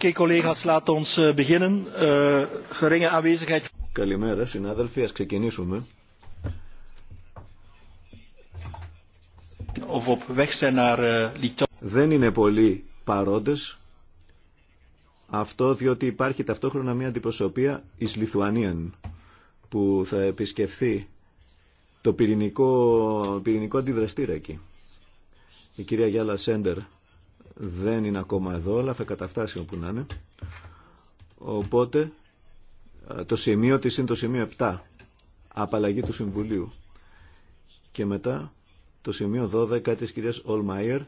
Eh, eh, Καλημέρα συνάδελφοι, ας ξεκινήσουμε. Eh, Δεν είναι πολλοί παρόντες. Αυτό διότι υπάρχει ταυτόχρονα μια αντιπροσωπεία εις Λιθουανίαν που θα επισκεφθεί το πυρηνικό, πυρηνικό αντιδραστήρα εκεί. Η κυρία Γιάλα Σέντερ δεν είναι ακόμα εδώ, αλλά θα καταφτάσει όπου να είναι. Οπότε, ε, το σημείο της είναι το σημείο 7, απαλλαγή του Συμβουλίου. Και μετά, το σημείο 12 της κυρίας Ολμάιερ,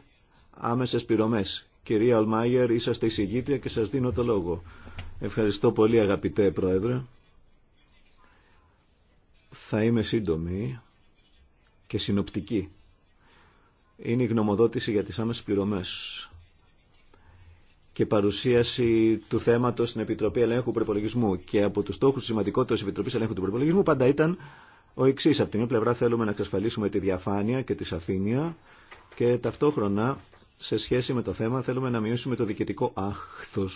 άμεσες πληρωμές. Κυρία Ολμάιερ, είσαστε εισηγήτρια και σας δίνω το λόγο. Ευχαριστώ πολύ αγαπητέ Πρόεδρε. Θα είμαι σύντομη και συνοπτική. Είναι η γνωμοδότηση για τις άμεσες πληρωμές και παρουσίαση του θέματο στην Επιτροπή Ελέγχου Προπολογισμού. Και από του στόχου σημαντικότερου τη Επιτροπή Ελέγχου του Προπολογισμού πάντα ήταν ο εξή. Από την μία πλευρά θέλουμε να εξασφαλίσουμε τη διαφάνεια και τη σαφήνεια και ταυτόχρονα σε σχέση με το θέμα θέλουμε να μειώσουμε το διοικητικό άχθο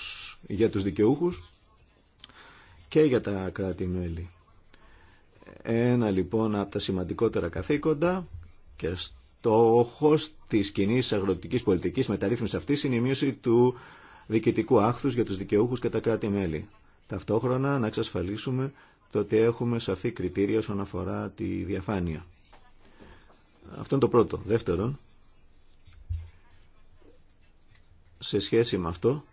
για του δικαιούχου και για τα κράτη-μέλη. Ένα λοιπόν από τα σημαντικότερα καθήκοντα και στόχο τη κοινή αγροτική πολιτική μεταρρύθμιση αυτή είναι η μείωση του διοικητικού άχθους για τους δικαιούχους και τα κράτη-μέλη. Ταυτόχρονα να εξασφαλίσουμε το ότι έχουμε σαφή κριτήρια όσον αφορά τη διαφάνεια. Αυτό είναι το πρώτο. Δεύτερον, σε σχέση με αυτό,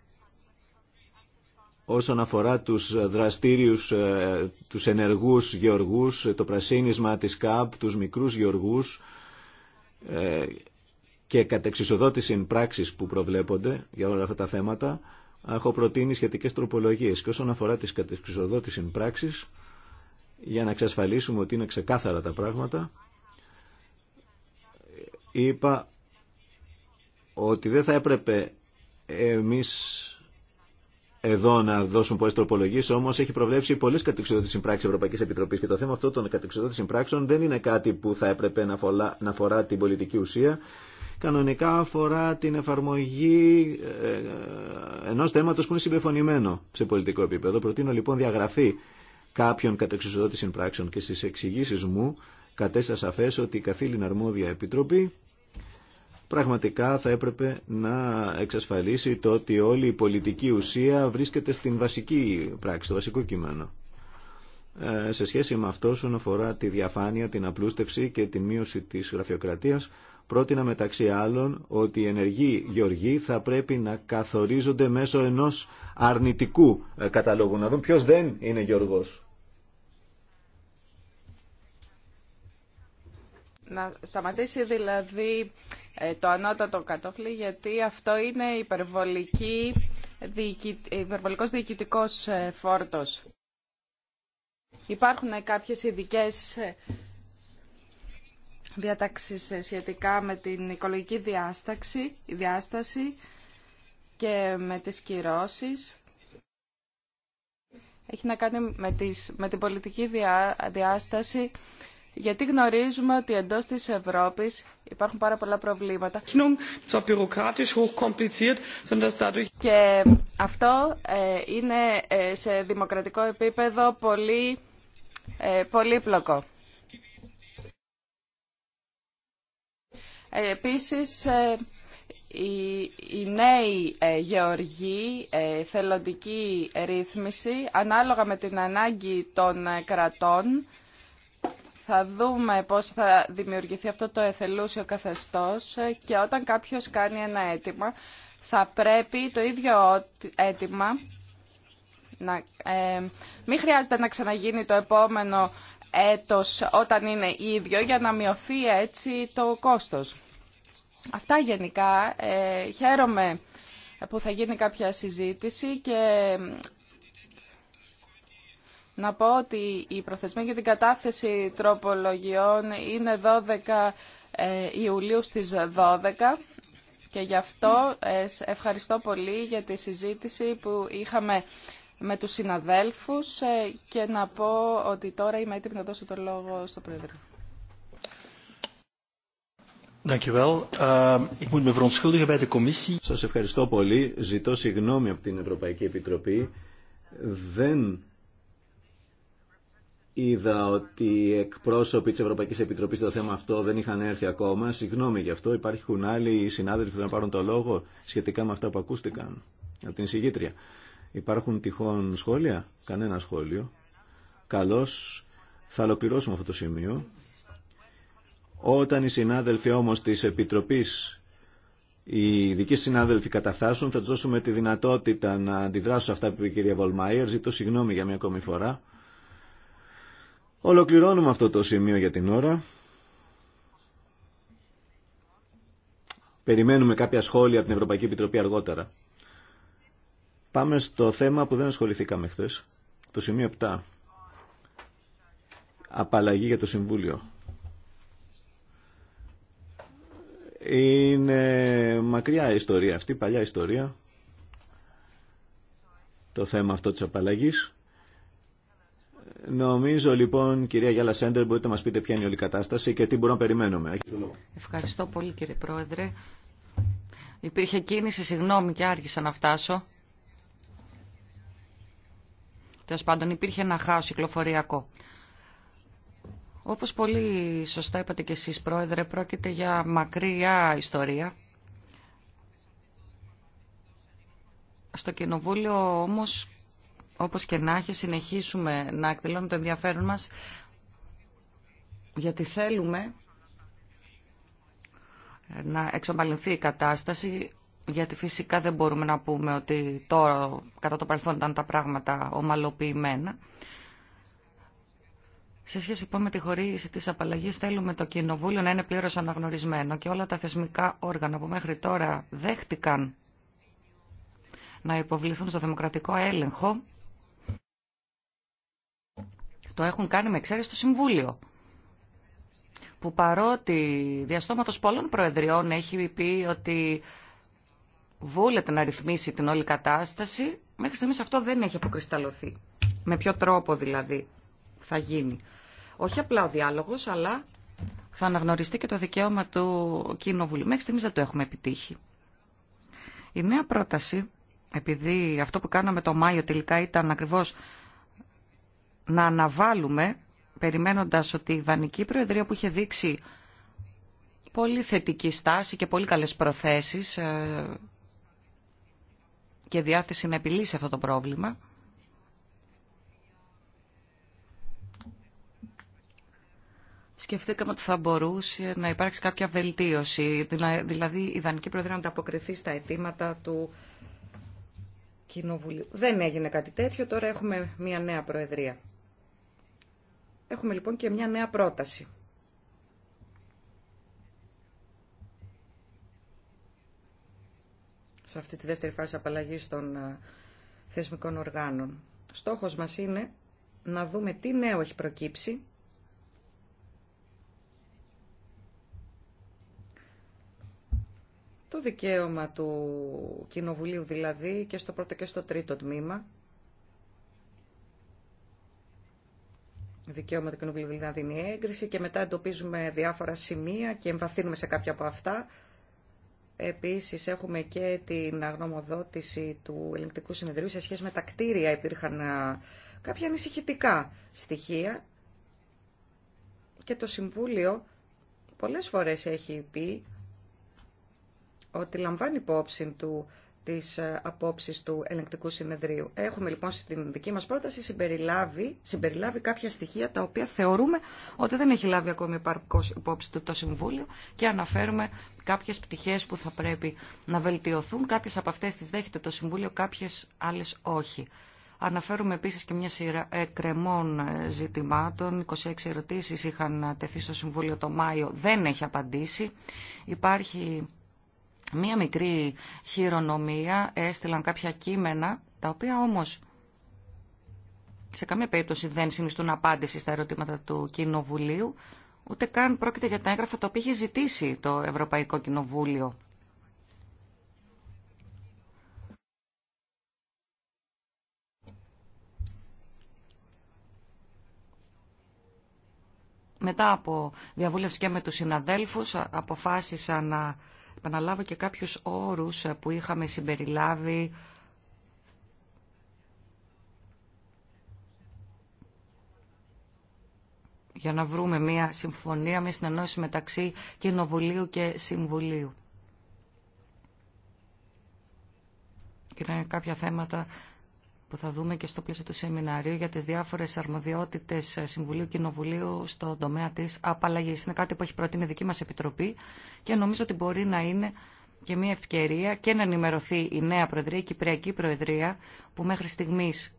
όσον αφορά τους δραστήριους, ε, τους ενεργούς γεωργούς, το πρασίνισμα της ΚΑΠ, τους μικρούς γεωργούς, ε, και κατεξισοδότηση πράξη που προβλέπονται για όλα αυτά τα θέματα, έχω προτείνει σχετικέ τροπολογίε Και όσον αφορά τι κατεξισοδότηση πράξη για να εξασφαλίσουμε ότι είναι ξεκάθαρα τα πράγματα, είπα ότι δεν θα έπρεπε εμεί εδώ να δώσουμε πολλέ τροπολογίε, όμω έχει προβλέψει πολλέ κατεξοδότητε συμπράξει Ευρωπαϊκή Επιτροπή και το θέμα αυτό των κατεξοδότητων συμπράξεων δεν είναι κάτι που θα έπρεπε να αφορά, να αφορά την πολιτική ουσία κανονικά αφορά την εφαρμογή ε, ενό θέματο που είναι συμπεφωνημένο σε πολιτικό επίπεδο. Προτείνω λοιπόν διαγραφή κάποιων κατεξουσιοδότησης πράξεων και στις εξηγήσει μου κατέστα σαφέ ότι η καθήλυνα αρμόδια επιτροπή πραγματικά θα έπρεπε να εξασφαλίσει το ότι όλη η πολιτική ουσία βρίσκεται στην βασική πράξη, στο βασικό κείμενο. Ε, σε σχέση με αυτό, όσον αφορά τη διαφάνεια, την απλούστευση και τη μείωση της γραφειοκρατίας, πρότεινα μεταξύ άλλων ότι οι ενεργοί γεωργοί θα πρέπει να καθορίζονται μέσω ενός αρνητικού ε, καταλόγου, να δουν ποιος δεν είναι γεωργός. Να σταματήσει δηλαδή ε, το ανώτατο κατόφλι γιατί αυτό είναι υπερβολική, υπερβολικός διοικητικός ε, φόρτος. Υπάρχουν κάποιες ειδικές διατάξεις σχετικά με την οικολογική διάσταξη, διάσταση και με τις κυρώσεις. Έχει να κάνει με, τις, την πολιτική διάσταση γιατί γνωρίζουμε ότι εντός της Ευρώπης υπάρχουν πάρα πολλά προβλήματα και αυτό ε, είναι ε, σε δημοκρατικό επίπεδο πολύ ε, πολύπλοκο. Ε, επίσης, ε, οι νέοι ε, γεωργοί, θελοντική ρύθμιση, ανάλογα με την ανάγκη των κρατών, θα δούμε πώς θα δημιουργηθεί αυτό το εθελούσιο καθεστώς και όταν κάποιος κάνει ένα αίτημα, θα πρέπει το ίδιο αίτημα να, ε, μην χρειάζεται να ξαναγίνει το επόμενο έτος όταν είναι ίδιο για να μειωθεί έτσι το κόστος. Αυτά γενικά. Ε, χαίρομαι που θα γίνει κάποια συζήτηση και να πω ότι η προθεσμία για την κατάθεση τροπολογιών είναι 12 ε, Ιουλίου στις 12 και γι' αυτό ε, ευχαριστώ πολύ για τη συζήτηση που είχαμε με τους συναδέλφους ε, και να πω ότι τώρα είμαι έτοιμη να δώσω το λόγο στο Πρόεδρο. Ehm, Σας ευχαριστώ πολύ. Ζητώ συγγνώμη από την Ευρωπαϊκή Επιτροπή. Δεν είδα ότι οι εκπρόσωποι της Ευρωπαϊκής Επιτροπής στο θέμα αυτό δεν είχαν έρθει ακόμα. Συγγνώμη γι' αυτό. Υπάρχουν άλλοι συνάδελφοι που θα πάρουν το λόγο σχετικά με αυτά που ακούστηκαν από την εισηγήτρια. Υπάρχουν τυχόν σχόλια. Κανένα σχόλιο. Καλώς θα ολοκληρώσουμε αυτό το σημείο. Όταν οι συνάδελφοι όμως της Επιτροπής, οι ειδικοί συνάδελφοι καταφτάσουν, θα τους δώσουμε τη δυνατότητα να αντιδράσουν αυτά που είπε η κυρία Βολμάιερ. Ζητώ συγγνώμη για μια ακόμη φορά. Ολοκληρώνουμε αυτό το σημείο για την ώρα. Περιμένουμε κάποια σχόλια από την Ευρωπαϊκή Επιτροπή αργότερα. Πάμε στο θέμα που δεν ασχοληθήκαμε χθε. το σημείο 7. Απαλλαγή για το Συμβούλιο. Είναι μακριά ιστορία αυτή, παλιά ιστορία, το θέμα αυτό της απαλλαγής. Νομίζω λοιπόν, κυρία Γιάλα Σέντερ, μπορείτε να μας πείτε ποια είναι όλη κατάσταση και τι μπορούμε να περιμένουμε. Ευχαριστώ πολύ κύριε Πρόεδρε. Υπήρχε κίνηση, συγγνώμη και άργησα να φτάσω. Τέλο πάντων, υπήρχε ένα χάο κυκλοφοριακό. Όπω πολύ σωστά είπατε και εσεί, Πρόεδρε, πρόκειται για μακριά ιστορία. Στο Κοινοβούλιο όμως, όπως και να έχει, συνεχίσουμε να εκδηλώνουμε το ενδιαφέρον μας, γιατί θέλουμε να εξομαλυνθεί η κατάσταση γιατί φυσικά δεν μπορούμε να πούμε ότι τώρα, κατά το παρελθόν, ήταν τα πράγματα ομαλοποιημένα. Σε σχέση λοιπόν με τη χωρίση τη απαλλαγή, θέλουμε το Κοινοβούλιο να είναι πλήρω αναγνωρισμένο και όλα τα θεσμικά όργανα που μέχρι τώρα δέχτηκαν να υποβληθούν στο δημοκρατικό έλεγχο, το έχουν κάνει με εξαίρεση το Συμβούλιο που παρότι διαστόματος πολλών προεδριών έχει πει ότι Βούλετε να ρυθμίσει την όλη κατάσταση, μέχρι στιγμής αυτό δεν έχει αποκρισταλωθεί. Με ποιο τρόπο δηλαδή θα γίνει. Όχι απλά ο διάλογος, αλλά θα αναγνωριστεί και το δικαίωμα του Κοινοβουλίου. Μέχρι στιγμής δεν το έχουμε επιτύχει. Η νέα πρόταση, επειδή αυτό που κάναμε το Μάιο τελικά ήταν ακριβώς να αναβάλουμε, περιμένοντας ότι η Δανική Προεδρία που είχε δείξει πολύ θετική στάση και πολύ καλές προθέσεις ε, και διάθεση να επιλύσει αυτό το πρόβλημα. Σκεφτήκαμε ότι θα μπορούσε να υπάρξει κάποια βελτίωση, δηλαδή η Ιδανική Προεδρία να ανταποκριθεί στα αιτήματα του Κοινοβουλίου. Δεν έγινε κάτι τέτοιο, τώρα έχουμε μια νέα Προεδρία. Έχουμε λοιπόν και μια νέα πρόταση. σε αυτή τη δεύτερη φάση απαλλαγής των ε, θεσμικών οργάνων. Στόχος μας είναι να δούμε τι νέο έχει προκύψει το δικαίωμα του Κοινοβουλίου δηλαδή και στο πρώτο και στο τρίτο τμήμα. Δικαίωμα του Κοινοβουλίου δηλαδή να δίνει έγκριση και μετά εντοπίζουμε διάφορα σημεία και εμβαθύνουμε σε κάποια από αυτά. Επίσης έχουμε και την αγνομοδότηση του ελεγκτικού συνεδρίου σε σχέση με τα κτίρια υπήρχαν κάποια ανησυχητικά στοιχεία και το Συμβούλιο πολλές φορές έχει πει ότι λαμβάνει υπόψη του τι ε, απόψει του ελεγκτικού συνεδρίου. Έχουμε λοιπόν στην δική μας πρόταση συμπεριλάβει, συμπεριλάβει κάποια στοιχεία τα οποία θεωρούμε ότι δεν έχει λάβει ακόμη υπαρκώς υπόψη του το Συμβούλιο και αναφέρουμε κάποιες πτυχές που θα πρέπει να βελτιωθούν. Κάποιες από αυτές τις δέχεται το Συμβούλιο, κάποιες άλλες όχι. Αναφέρουμε επίσης και μια σειρά εκκρεμών ε, ζητημάτων. 26 ερωτήσεις είχαν τεθεί στο Συμβούλιο το Μάιο, δεν έχει απαντήσει. Υπάρχει μία μικρή χειρονομία, έστειλαν κάποια κείμενα, τα οποία όμως σε καμία περίπτωση δεν συνιστούν απάντηση στα ερωτήματα του Κοινοβουλίου, ούτε καν πρόκειται για τα έγγραφα τα οποία είχε ζητήσει το Ευρωπαϊκό Κοινοβούλιο. Μετά από διαβούλευση και με τους συναδέλφους αποφάσισα να επαναλάβω και κάποιους όρους ε, που είχαμε συμπεριλάβει για να βρούμε μια συμφωνία, μια συνεννόηση μεταξύ Κοινοβουλίου και Συμβουλίου. Και είναι κάποια θέματα που θα δούμε και στο πλαίσιο του σεμιναρίου για τις διάφορες αρμοδιότητες Συμβουλίου Κοινοβουλίου στον τομέα της απαλλαγής. Είναι κάτι που έχει προτείνει η δική μας Επιτροπή και νομίζω ότι μπορεί να είναι και μια ευκαιρία και να ενημερωθεί η νέα Προεδρία, η Κυπριακή Προεδρία, που μέχρι στιγμής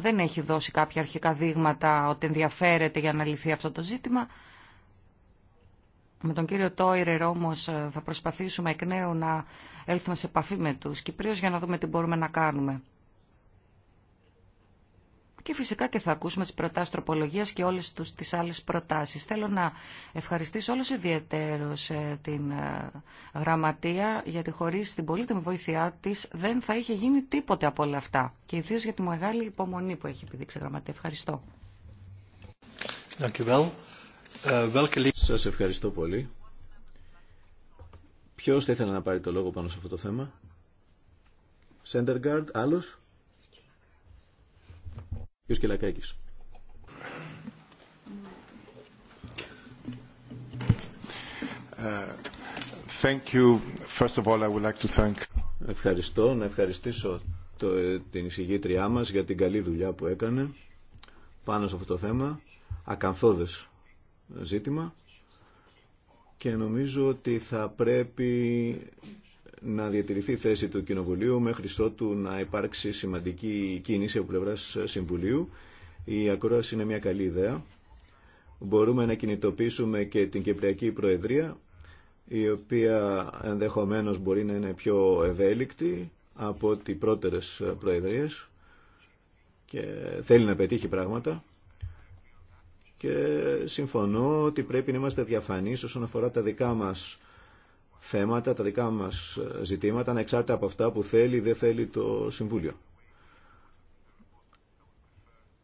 δεν έχει δώσει κάποια αρχικά δείγματα ότι ενδιαφέρεται για να λυθεί αυτό το ζήτημα. Με τον κύριο Τόιρερ όμω ε, θα προσπαθήσουμε εκ νέου να έλθουμε σε επαφή με τους Κυπρίους για να δούμε τι μπορούμε να κάνουμε και φυσικά και θα ακούσουμε τις προτάσεις τροπολογίας και όλες τους, τις άλλες προτάσεις. Θέλω να ευχαριστήσω όλους ιδιαίτερως ε, την ε, γραμματεία γιατί χωρίς την πολύτιμη βοήθειά της δεν θα είχε γίνει τίποτε από όλα αυτά και ιδίω για τη μεγάλη υπομονή που έχει επιδείξει η γραμματεία. Ευχαριστώ. Ε, Σας ευχαριστώ πολύ. Ποιος θα ήθελε να πάρει το λόγο πάνω σε αυτό το θέμα. Σέντεργαρντ, άλλος. Κελακάκης. Ευχαριστώ. Να ευχαριστήσω την εισηγήτριά μας για την καλή δουλειά που έκανε πάνω σε αυτό το θέμα. Ακαθόδες ζήτημα και νομίζω ότι θα πρέπει να διατηρηθεί η θέση του Κοινοβουλίου μέχρι ότου να υπάρξει σημαντική κίνηση από πλευρά Συμβουλίου. Η ακρόαση είναι μια καλή ιδέα. Μπορούμε να κινητοποιήσουμε και την Κυπριακή Προεδρία, η οποία ενδεχομένως μπορεί να είναι πιο ευέλικτη από ότι πρώτερες προεδρίες και θέλει να πετύχει πράγματα και συμφωνώ ότι πρέπει να είμαστε διαφανείς όσον αφορά τα δικά μας θέματα, τα δικά μας ζητήματα, ανεξάρτητα από αυτά που θέλει ή δεν θέλει το Συμβούλιο.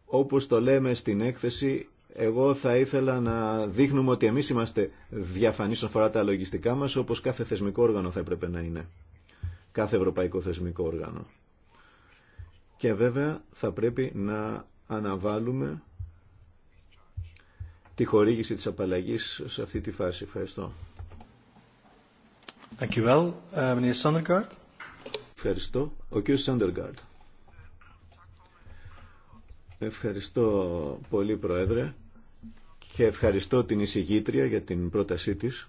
Όπως το λέμε στην έκθεση, εγώ θα ήθελα να δείχνουμε ότι εμείς είμαστε διαφανείς όσον αφορά τα λογιστικά μας, όπως κάθε θεσμικό όργανο θα έπρεπε να είναι. Κάθε ευρωπαϊκό θεσμικό όργανο. Και βέβαια θα πρέπει να αναβάλουμε τη χορήγηση της απαλλαγής σε αυτή τη φάση. Ευχαριστώ. Uh, ευχαριστώ. Ο Ευχαριστώ πολύ, Πρόεδρε, και ευχαριστώ την εισηγήτρια για την πρότασή της.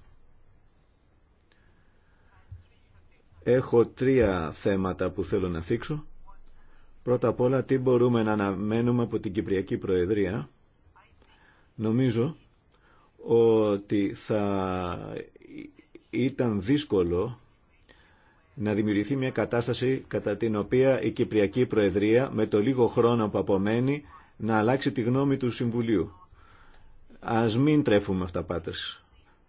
Έχω τρία θέματα που θέλω να θίξω. Πρώτα απ' όλα, τι μπορούμε να αναμένουμε από την Κυπριακή Προεδρία. Νομίζω ότι θα ήταν δύσκολο να δημιουργηθεί μια κατάσταση κατά την οποία η Κυπριακή Προεδρία με το λίγο χρόνο που απομένει να αλλάξει τη γνώμη του Συμβουλίου. Ας μην τρέφουμε αυτά πάτες.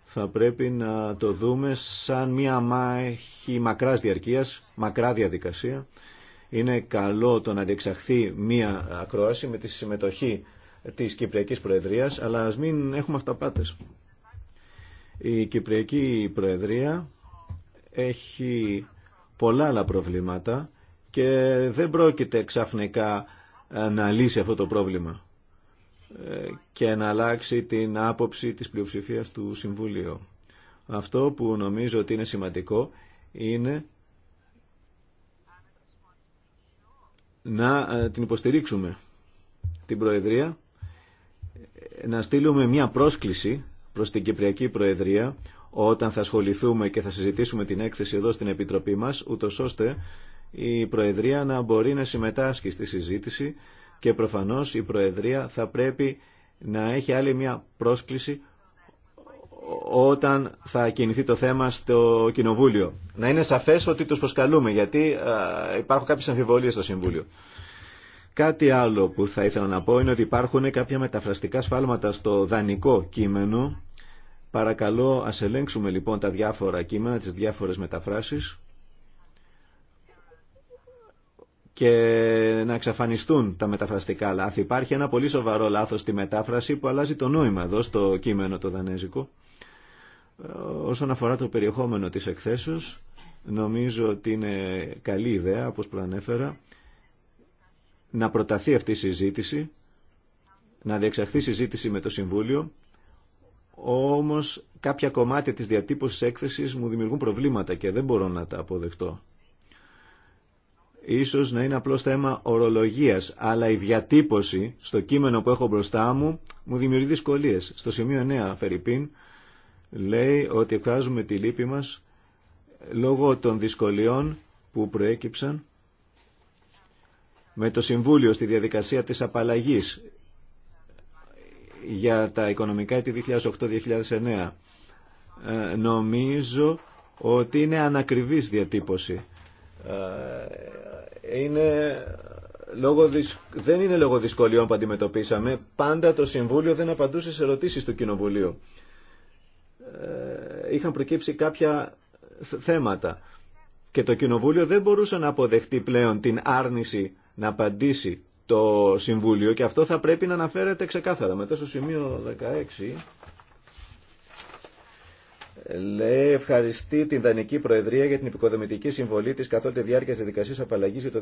Θα πρέπει να το δούμε σαν μια μάχη μακράς διαρκείας, μακρά διαδικασία. Είναι καλό το να διεξαχθεί μια ακρόαση με τη συμμετοχή της Κυπριακής Προεδρίας, αλλά ας μην έχουμε αυταπάτες. Η Κυπριακή Προεδρία έχει πολλά άλλα προβλήματα και δεν πρόκειται ξαφνικά ε, να λύσει αυτό το πρόβλημα ε, και να αλλάξει την άποψη της πλειοψηφίας του Συμβουλίου. Αυτό που νομίζω ότι είναι σημαντικό είναι να ε, την υποστηρίξουμε την Προεδρία, να στείλουμε μια πρόσκληση προς την Κυπριακή Προεδρία όταν θα ασχοληθούμε και θα συζητήσουμε την έκθεση εδώ στην Επιτροπή μας, ούτω ώστε η Προεδρία να μπορεί να συμμετάσχει στη συζήτηση και προφανώς η Προεδρία θα πρέπει να έχει άλλη μια πρόσκληση όταν θα κινηθεί το θέμα στο Κοινοβούλιο. Να είναι σαφές ότι τους προσκαλούμε, γιατί υπάρχουν κάποιες αμφιβολίες στο Συμβούλιο. Κάτι άλλο που θα ήθελα να πω είναι ότι υπάρχουν κάποια μεταφραστικά σφάλματα στο δανεικό κείμενο. Παρακαλώ ας ελέγξουμε λοιπόν τα διάφορα κείμενα, τις διάφορες μεταφράσεις και να εξαφανιστούν τα μεταφραστικά λάθη. Υπάρχει ένα πολύ σοβαρό λάθος στη μετάφραση που αλλάζει το νόημα εδώ στο κείμενο το δανέζικο. Ε, όσον αφορά το περιεχόμενο της εκθέσεως, νομίζω ότι είναι καλή ιδέα, όπως προανέφερα να προταθεί αυτή η συζήτηση, να διεξαχθεί συζήτηση με το Συμβούλιο, όμως κάποια κομμάτια της διατύπωσης έκθεσης μου δημιουργούν προβλήματα και δεν μπορώ να τα αποδεχτώ. Ίσως να είναι απλώς θέμα ορολογίας, αλλά η διατύπωση στο κείμενο που έχω μπροστά μου μου δημιουργεί δυσκολίες. Στο σημείο 9, Φερρυπίν, λέει ότι εκφράζουμε τη λύπη μας λόγω των δυσκολιών που προέκυψαν με το Συμβούλιο στη διαδικασία της απαλλαγής για τα οικονομικά έτη 2008-2009. Ε, νομίζω ότι είναι ανακριβής διατύπωση. Ε, είναι λόγω δυσ... Δεν είναι λόγω δυσκολιών που αντιμετωπίσαμε. Πάντα το Συμβούλιο δεν απαντούσε σε ερωτήσεις του Κοινοβουλίου. Ε, είχαν προκύψει κάποια θέματα και το Κοινοβούλιο δεν μπορούσε να αποδεχτεί πλέον την άρνηση να απαντήσει το Συμβούλιο και αυτό θα πρέπει να αναφέρεται ξεκάθαρα. Μετά στο σημείο 16 λέει ευχαριστεί την Δανική Προεδρία για την υποκοδομητική συμβολή της καθ' τη διάρκεια διαδικασίας απαλλαγής για το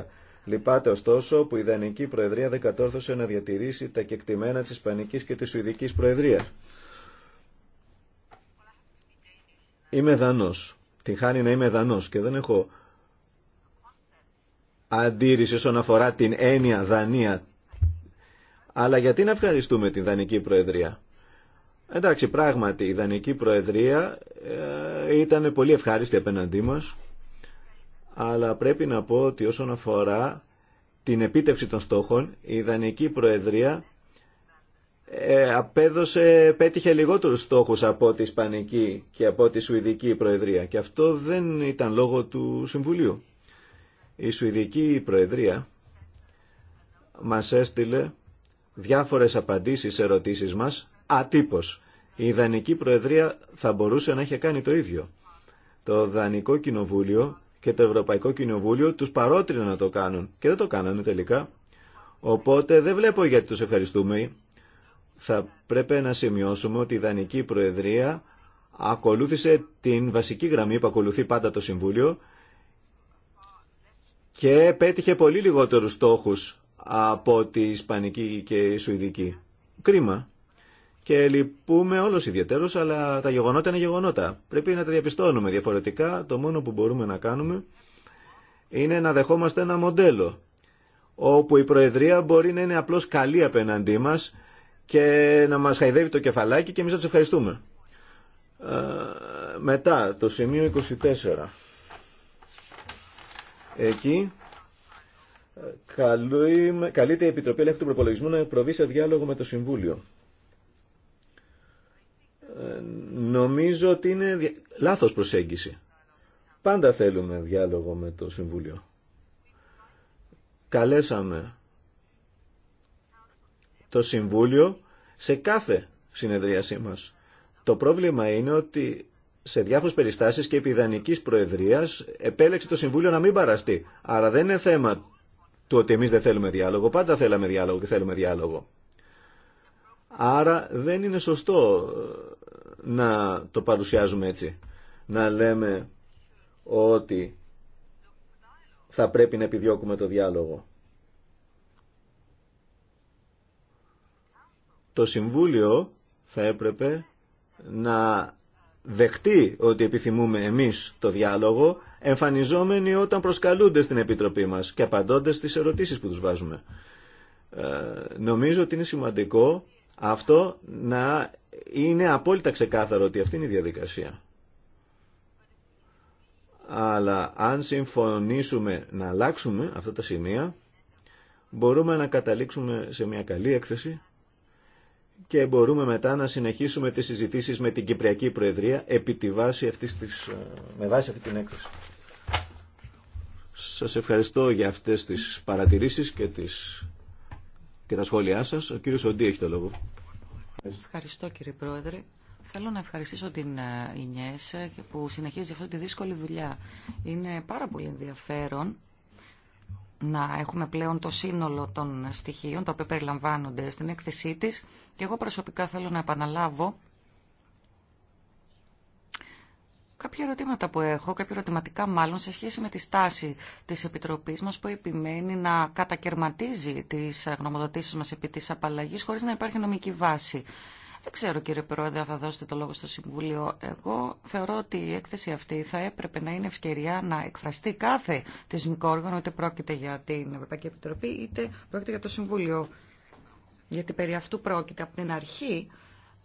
2010. Λυπάται ωστόσο που η Δανική Προεδρία δεν κατόρθωσε να διατηρήσει τα κεκτημένα της Ισπανικής και της Σουηδικής Προεδρίας. Είμαι δανός. Την χάνει να είμαι δανός και δεν έχω αντίρρηση όσον αφορά την έννοια Δανία. Αλλά γιατί να ευχαριστούμε την Δανική Προεδρία. Εντάξει, πράγματι η Δανική Προεδρία ε, ήταν πολύ ευχάριστη απέναντί μας, αλλά πρέπει να πω ότι όσον αφορά την επίτευξη των στόχων, η Δανική Προεδρία ε, απέδωσε, πέτυχε λιγότερους στόχους από τη Ισπανική και από τη Σουηδική Προεδρία και αυτό δεν ήταν λόγο του Συμβουλίου. Η Σουηδική Προεδρία μας έστειλε διάφορες απαντήσεις σε ερωτήσεις μας ατύπως. Η Δανική Προεδρία θα μπορούσε να είχε κάνει το ίδιο. Το Δανικό Κοινοβούλιο και το Ευρωπαϊκό Κοινοβούλιο τους παρότρινε να το κάνουν και δεν το κάνανε τελικά. Οπότε δεν βλέπω γιατί τους ευχαριστούμε. Θα πρέπει να σημειώσουμε ότι η Δανική Προεδρία ακολούθησε την βασική γραμμή που ακολουθεί πάντα το Συμβούλιο και πέτυχε πολύ λιγότερους στόχους από τη Ισπανική και η Σουηδική. Κρίμα. Και λυπούμε όλος ιδιαίτερος, αλλά τα γεγονότα είναι γεγονότα. Πρέπει να τα διαπιστώνουμε διαφορετικά. Το μόνο που μπορούμε να κάνουμε είναι να δεχόμαστε ένα μοντέλο όπου η Προεδρία μπορεί να είναι απλώς καλή απέναντί μας και να μας χαϊδεύει το κεφαλάκι και εμείς να τους ευχαριστούμε. Ε, μετά, το σημείο 24. Εκεί καλείται η Επιτροπή Ελέγχου του Προπολογισμού να προβεί σε διάλογο με το Συμβούλιο. Ε, νομίζω ότι είναι λάθος προσέγγιση. Πάντα θέλουμε διάλογο με το Συμβούλιο. Καλέσαμε το Συμβούλιο σε κάθε συνεδρίασή μας. Το πρόβλημα είναι ότι σε διάφορε περιστάσει και επί ιδανική προεδρία επέλεξε το Συμβούλιο να μην παραστεί. Άρα δεν είναι θέμα του ότι εμεί δεν θέλουμε διάλογο. Πάντα θέλαμε διάλογο και θέλουμε διάλογο. Άρα δεν είναι σωστό ε, να το παρουσιάζουμε έτσι. Να λέμε ότι θα πρέπει να επιδιώκουμε το διάλογο. Το Συμβούλιο θα έπρεπε να δεχτεί ότι επιθυμούμε εμείς το διάλογο, εμφανιζόμενοι όταν προσκαλούνται στην Επιτροπή μας και απαντώντας στις ερωτήσεις που τους βάζουμε. Ε, νομίζω ότι είναι σημαντικό αυτό να είναι απόλυτα ξεκάθαρο ότι αυτή είναι η διαδικασία. Αλλά αν συμφωνήσουμε να αλλάξουμε αυτά τα σημεία, μπορούμε να καταλήξουμε σε μια καλή έκθεση και μπορούμε μετά να συνεχίσουμε τις συζητήσεις με την Κυπριακή Προεδρία επί τη βάση αυτής της, ε, με βάση αυτή την έκθεση. Σας ευχαριστώ για αυτές τις παρατηρήσεις και, τις, και τα σχόλιά σας. Ο κύριος Σοντή έχει το λόγο. Ευχαριστώ κύριε Πρόεδρε. Θέλω να ευχαριστήσω την ε, Ινιές που συνεχίζει αυτή τη δύσκολη δουλειά. Είναι πάρα πολύ ενδιαφέρον να έχουμε πλέον το σύνολο των στοιχείων τα οποία περιλαμβάνονται στην έκθεσή της και εγώ προσωπικά θέλω να επαναλάβω κάποια ερωτήματα που έχω, κάποια ερωτηματικά μάλλον σε σχέση με τη στάση της Επιτροπής μας που επιμένει να κατακαιρματίζει τις γνωμοδοτήσεις μας επί της απαλλαγής χωρίς να υπάρχει νομική βάση. Δεν ξέρω κύριε Πρόεδρε αν θα δώσετε το λόγο στο Συμβούλιο. Εγώ θεωρώ ότι η έκθεση αυτή θα έπρεπε να είναι ευκαιρία να εκφραστεί κάθε θεσμικό όργανο, είτε πρόκειται για την Ευρωπαϊκή Επιτροπή, είτε πρόκειται για το Συμβούλιο. Γιατί περί αυτού πρόκειται από την αρχή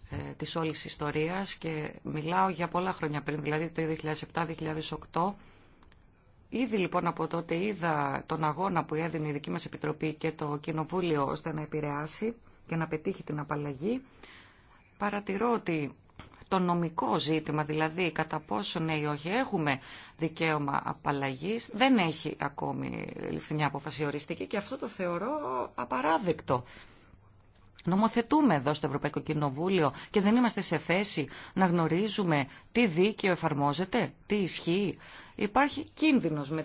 ε, της όλης ιστορίας και μιλάω για πολλά χρόνια πριν, δηλαδή το 2007-2008, Ήδη λοιπόν από τότε είδα τον αγώνα που έδινε η δική μας Επιτροπή και το Κοινοβούλιο ώστε να επηρεάσει και να πετύχει την απαλλαγή παρατηρώ ότι το νομικό ζήτημα, δηλαδή κατά πόσο ναι ή όχι έχουμε δικαίωμα απαλλαγή, δεν έχει ακόμη ληφθεί μια απόφαση οριστική και αυτό το θεωρώ απαράδεκτο. Νομοθετούμε εδώ στο Ευρωπαϊκό Κοινοβούλιο και δεν είμαστε σε θέση να γνωρίζουμε τι δίκαιο εφαρμόζεται, τι ισχύει υπάρχει κίνδυνος με,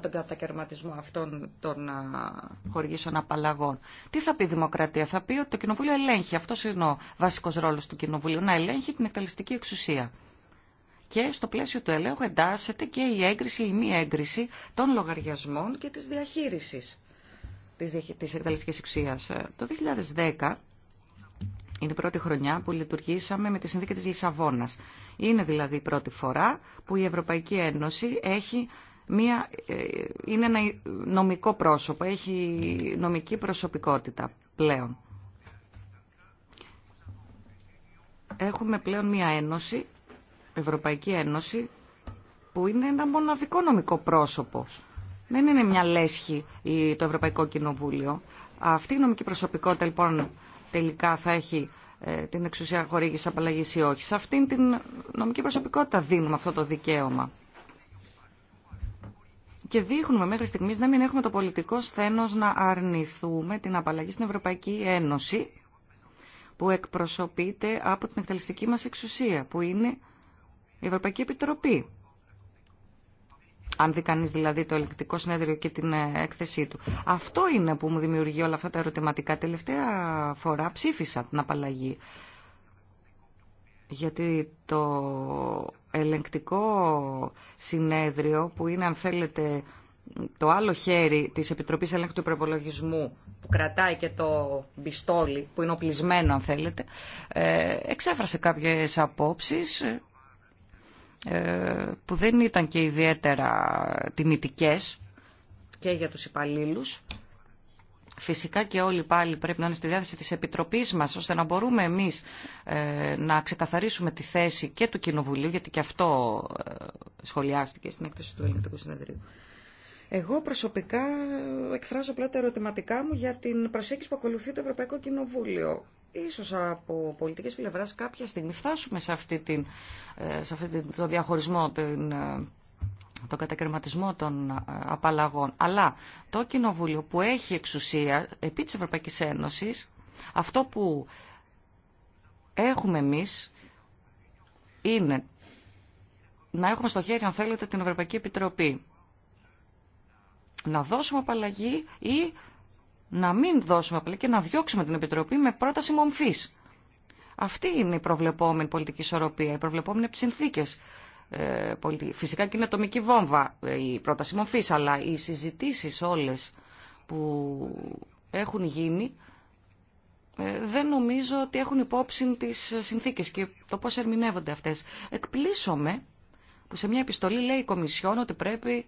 τον κατακαιρματισμό αυτών των χορηγήσεων απαλλαγών. Τι θα πει η Δημοκρατία, θα πει ότι το Κοινοβούλιο ελέγχει, αυτό είναι ο βασικός ρόλος του Κοινοβουλίου, να ελέγχει την εκταλιστική εξουσία. Και στο πλαίσιο του ελέγχου εντάσσεται και η έγκριση ή μη έγκριση των λογαριασμών και της διαχείρισης της εκτελεστικής εξουσίας. Ε, το 2010 είναι η πρώτη χρονιά που λειτουργήσαμε με τη συνθήκη της Λισαβόνας. Είναι δηλαδή η πρώτη φορά που η Ευρωπαϊκή Ένωση έχει μία, ε, είναι ένα νομικό πρόσωπο, έχει νομική προσωπικότητα πλέον. Έχουμε πλέον μία ένωση, Ευρωπαϊκή Ένωση, που είναι ένα μοναδικό νομικό πρόσωπο. Δεν είναι μια λέσχη το Ευρωπαϊκό Κοινοβούλιο. Αυτή η νομική προσωπικότητα λοιπόν τελικά θα έχει ε, την εξουσία χορήγηση απαλλαγή ή όχι. Σε αυτήν την νομική προσωπικότητα δίνουμε αυτό το δικαίωμα. Και δείχνουμε μέχρι στιγμής να μην έχουμε το πολιτικό σθένος να αρνηθούμε την απαλλαγή στην Ευρωπαϊκή Ένωση που εκπροσωπείται από την εκτελεστική μας εξουσία, που είναι η Ευρωπαϊκή Επιτροπή αν δει κανεί δηλαδή το ελεγκτικό συνέδριο και την ε, έκθεσή του. Αυτό είναι που μου δημιουργεί όλα αυτά τα ερωτηματικά. Τελευταία φορά ψήφισα την απαλλαγή. Γιατί το ελεγκτικό συνέδριο που είναι αν θέλετε το άλλο χέρι της Επιτροπής Ελέγχου του Προπολογισμού που κρατάει και το πιστόλι που είναι οπλισμένο αν θέλετε ε, εξέφρασε κάποιες απόψεις ε, που δεν ήταν και ιδιαίτερα τιμητικές και για τους υπαλλήλους. Φυσικά και όλοι πάλι πρέπει να είναι στη διάθεση της Επιτροπής μας, ώστε να μπορούμε εμείς ε, να ξεκαθαρίσουμε τη θέση και του Κοινοβουλίου, γιατί και αυτό ε, σχολιάστηκε στην έκθεση του Ελληνικού Συνεδρίου. Εγώ προσωπικά εκφράζω πλέον τα ερωτηματικά μου για την προσέγγιση που ακολουθεί το Ευρωπαϊκό Κοινοβούλιο ίσως από πολιτικές πλευράς κάποια στιγμή φτάσουμε σε, αυτή την, ε, σε αυτή το διαχωρισμό, ε, τον κατακαιρματισμό των ε, απαλλαγών. Αλλά το Κοινοβούλιο που έχει εξουσία επί της Ευρωπαϊκής Ένωσης, αυτό που έχουμε εμείς είναι να έχουμε στο χέρι, αν θέλετε, την Ευρωπαϊκή Επιτροπή. Να δώσουμε απαλλαγή ή να μην δώσουμε απλή και να διώξουμε την Επιτροπή με πρόταση μομφή. Αυτή είναι η προβλεπόμενη πολιτική ισορροπία, η προβλεπόμενη από τι συνθήκε. Ε, φυσικά και είναι ατομική βόμβα ε, η πρόταση μομφή, αλλά οι συζητήσει όλε που έχουν γίνει ε, δεν νομίζω ότι έχουν υπόψη τι συνθήκε και το πώ ερμηνεύονται αυτέ. Εκπλήσωμε που σε μια επιστολή λέει η Κομισιόν ότι πρέπει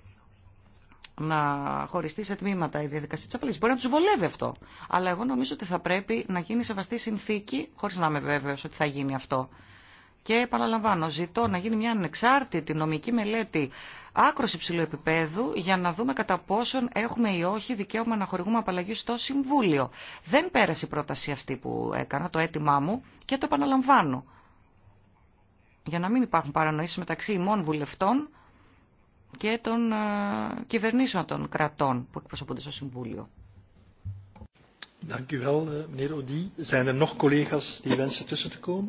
να χωριστεί σε τμήματα η διαδικασία τη απαλλαγή. Μπορεί να του βολεύει αυτό. Αλλά εγώ νομίζω ότι θα πρέπει να γίνει σεβαστή συνθήκη, χωρί να είμαι βέβαιο ότι θα γίνει αυτό. Και επαναλαμβάνω, ζητώ να γίνει μια ανεξάρτητη νομική μελέτη άκρο υψηλού επίπεδου για να δούμε κατά πόσον έχουμε ή όχι δικαίωμα να χορηγούμε απαλλαγή στο Συμβούλιο. Δεν πέρασε η πρόταση αυτή που έκανα, το αίτημά μου και το επαναλαμβάνω. Για να μην υπάρχουν παρανοήσει μεταξύ ημών βουλευτών και των ε, κυβερνήσεων των κρατών που εκπροσωπούνται στο Συμβούλιο.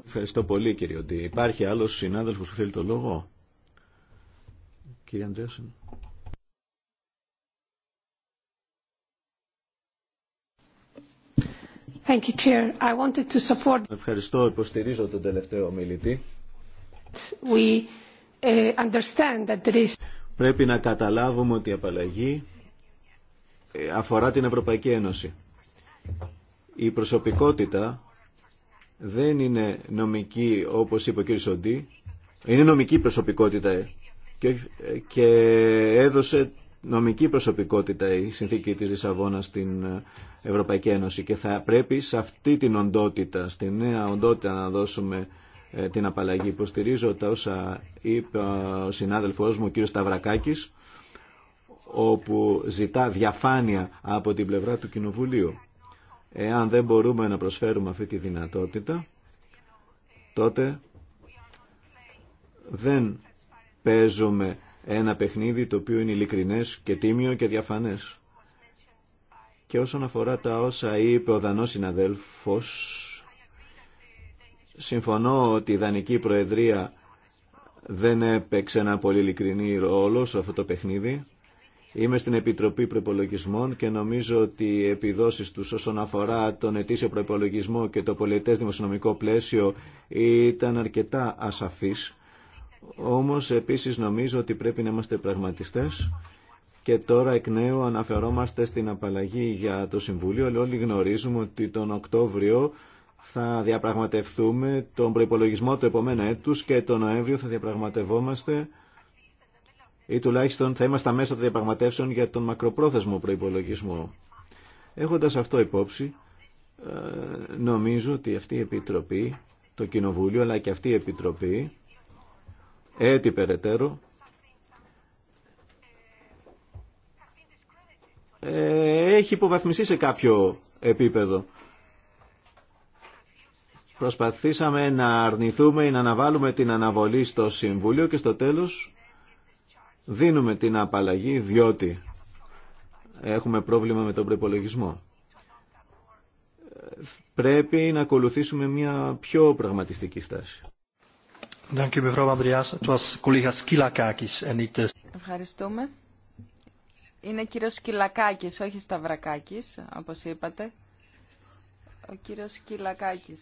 Ευχαριστώ πολύ κύριε Οντή. Υπάρχει άλλος συνάδελφος που θέλει το λόγο. Κύριε Αντρέασεν. Thank you, Chair. I wanted to support... Ευχαριστώ. Υποστηρίζω τον τελευταίο μιλητή. We eh, understand that there is... Πρέπει να καταλάβουμε ότι η απαλλαγή ε, αφορά την Ευρωπαϊκή Ένωση. Η προσωπικότητα δεν είναι νομική όπως είπε ο κ. Σοντή. Είναι νομική προσωπικότητα ε, ε, και έδωσε νομική προσωπικότητα η συνθήκη της Λισαβόνα στην Ευρωπαϊκή Ένωση και θα πρέπει σε αυτή την οντότητα, στη νέα οντότητα να δώσουμε ε, την απαλλαγή. Υποστηρίζω τα όσα είπε ο συνάδελφός μου, ο κύριος Σταυρακάκης, όπου ζητά διαφάνεια από την πλευρά του Κοινοβουλίου. Εάν δεν μπορούμε να προσφέρουμε αυτή τη δυνατότητα, τότε δεν παίζουμε ένα παιχνίδι το οποίο είναι ειλικρινές και τίμιο και διαφανές. Και όσον αφορά τα όσα είπε ο Δανός συναδέλφος, Συμφωνώ ότι η Δανική Προεδρία δεν έπαιξε ένα πολύ ειλικρινή ρόλο σε αυτό το παιχνίδι. Είμαι στην Επιτροπή Προπολογισμών και νομίζω ότι οι επιδόσεις τους όσον αφορά τον ετήσιο προπολογισμό και το πολιτές δημοσιονομικό πλαίσιο ήταν αρκετά ασαφείς. Όμως επίσης νομίζω ότι πρέπει να είμαστε πραγματιστές και τώρα εκ νέου αναφερόμαστε στην απαλλαγή για το Συμβούλιο. Όλοι γνωρίζουμε ότι τον Οκτώβριο θα διαπραγματευτούμε τον προϋπολογισμό του επομένου έτους και τον Νοέμβριο θα διαπραγματευόμαστε ή τουλάχιστον θα είμαστε μέσα των διαπραγματεύσεων για τον μακροπρόθεσμο προϋπολογισμό. Έχοντας αυτό υπόψη, ε, νομίζω ότι αυτή η Επιτροπή, το Κοινοβούλιο, αλλά και αυτή η Επιτροπή, έτσι περαιτέρω, ε, έχει υποβαθμιστεί σε κάποιο επίπεδο προσπαθήσαμε να αρνηθούμε ή να αναβάλουμε την αναβολή στο Συμβούλιο και στο τέλος δίνουμε την απαλλαγή διότι έχουμε πρόβλημα με τον προπολογισμό. Πρέπει να ακολουθήσουμε μια πιο πραγματιστική στάση. Ευχαριστούμε. Είναι κύριος Σκυλακάκης, όχι Σταυρακάκης, όπως είπατε. Ο κύριος Κυλακάκη.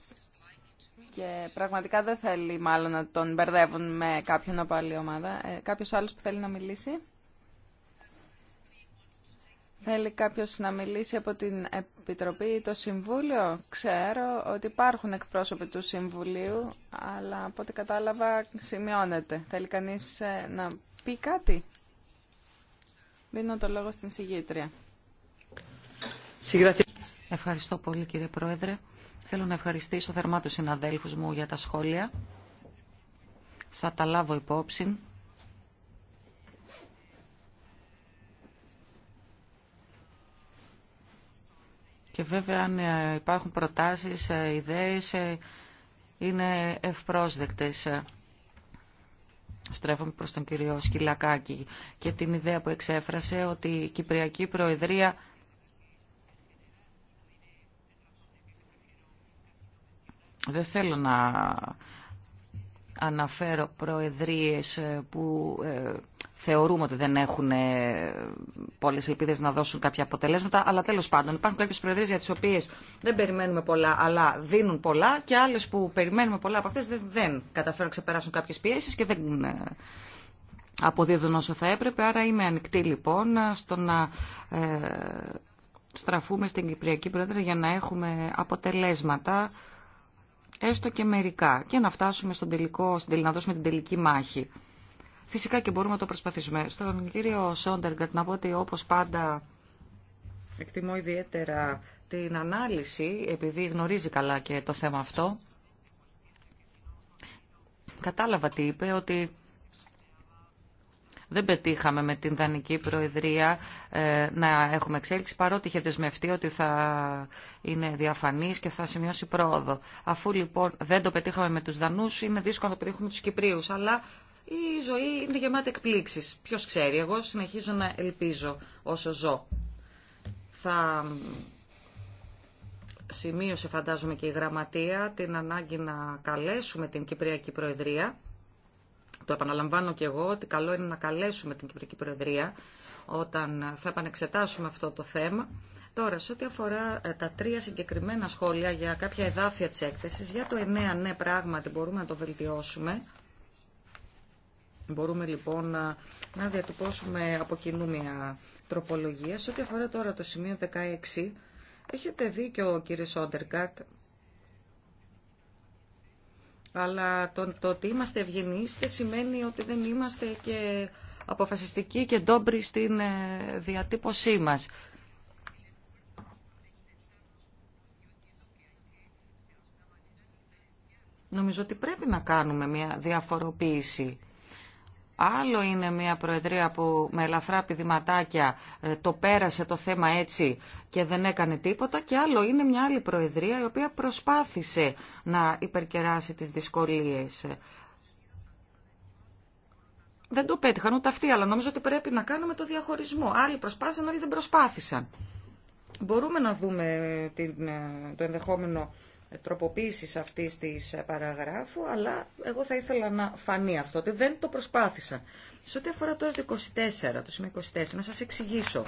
Και πραγματικά δεν θέλει μάλλον να τον μπερδεύουν με κάποιον από άλλη ομάδα. Ε, κάποιος άλλος που θέλει να μιλήσει. Θέλει κάποιος να μιλήσει από την Επιτροπή ή το Συμβούλιο. Ξέρω ότι υπάρχουν εκπρόσωποι του Συμβουλίου, αλλά από ό,τι κατάλαβα σημειώνεται. Θέλει κανείς ε, να πει κάτι. Δίνω το λόγο στην συγγήτρια. Ευχαριστώ πολύ κύριε Πρόεδρε. Θέλω να ευχαριστήσω θερμά τους συναδέλφους μου για τα σχόλια. Θα τα λάβω υπόψη. Και βέβαια αν ε, υπάρχουν προτάσεις, ε, ιδέες, ε, είναι ευπρόσδεκτες. Στρέφομαι προς τον κύριο Σκυλακάκη και την ιδέα που εξέφρασε ότι η Κυπριακή Προεδρία Δεν θέλω να αναφέρω προεδρίες ε, που ε, θεωρούμε ότι δεν έχουν ε, πολλές ελπίδες να δώσουν κάποια αποτελέσματα, αλλά τέλος πάντων υπάρχουν κάποιες προεδρίες για τις οποίες δεν περιμένουμε πολλά, αλλά δίνουν πολλά και άλλες που περιμένουμε πολλά από αυτές δεν, καταφέρουν να ξεπεράσουν κάποιες πιέσεις και δεν αποδίδουν όσο θα έπρεπε. Άρα είμαι ανοιχτή λοιπόν στο να στραφούμε στην Κυπριακή Πρόεδρε για να έχουμε αποτελέσματα έστω και μερικά, και να φτάσουμε στον τελικό, να δώσουμε την τελική μάχη. Φυσικά και μπορούμε να το προσπαθήσουμε. Στον κύριο Σόντεργκατ να πω ότι όπως πάντα εκτιμώ ιδιαίτερα την ανάλυση, επειδή γνωρίζει καλά και το θέμα αυτό. Κατάλαβα τι είπε, ότι δεν πετύχαμε με την Δανική Προεδρία ε, να έχουμε εξέλιξη, παρότι είχε δεσμευτεί ότι θα είναι διαφανής και θα σημειώσει πρόοδο. Αφού λοιπόν δεν το πετύχαμε με τους Δανούς, είναι δύσκολο να το πετύχουμε με τους Κυπρίους, αλλά η ζωή είναι γεμάτη εκπλήξεις. Ποιος ξέρει, εγώ συνεχίζω να ελπίζω όσο ζω. Θα σημείωσε φαντάζομαι και η γραμματεία την ανάγκη να καλέσουμε την Κυπριακή Προεδρία το επαναλαμβάνω και εγώ ότι καλό είναι να καλέσουμε την Κυπριακή Προεδρία όταν θα επανεξετάσουμε αυτό το θέμα. Τώρα, σε ό,τι αφορά ε, τα τρία συγκεκριμένα σχόλια για κάποια εδάφια της έκθεσης, για το 9, ναι, πράγματι μπορούμε να το βελτιώσουμε. Μπορούμε λοιπόν να διατυπώσουμε από κοινού μια τροπολογία. Σε ό,τι αφορά τώρα το σημείο 16, έχετε δίκιο κύριε Σόντερκαρτ, αλλά το, το ότι είμαστε ευγενίστε σημαίνει ότι δεν είμαστε και αποφασιστικοί και ντόμπροι στην ε, διατύπωσή μας. Νομίζω ότι πρέπει να κάνουμε μια διαφοροποίηση Άλλο είναι μια Προεδρία που με ελαφρά πηδηματάκια ε, το πέρασε το θέμα έτσι και δεν έκανε τίποτα και άλλο είναι μια άλλη Προεδρία η οποία προσπάθησε να υπερκεράσει τις δυσκολίες. Δεν το πέτυχαν ούτε αυτοί, αλλά νομίζω ότι πρέπει να κάνουμε το διαχωρισμό. Άλλοι προσπάθησαν, άλλοι δεν προσπάθησαν. Μπορούμε να δούμε ε, το ενδεχόμενο τροποποίησης αυτής της παραγράφου, αλλά εγώ θα ήθελα να φανεί αυτό, ότι δεν το προσπάθησα. Σε ό,τι αφορά τώρα το 24, το σημείο 24, να σας εξηγήσω.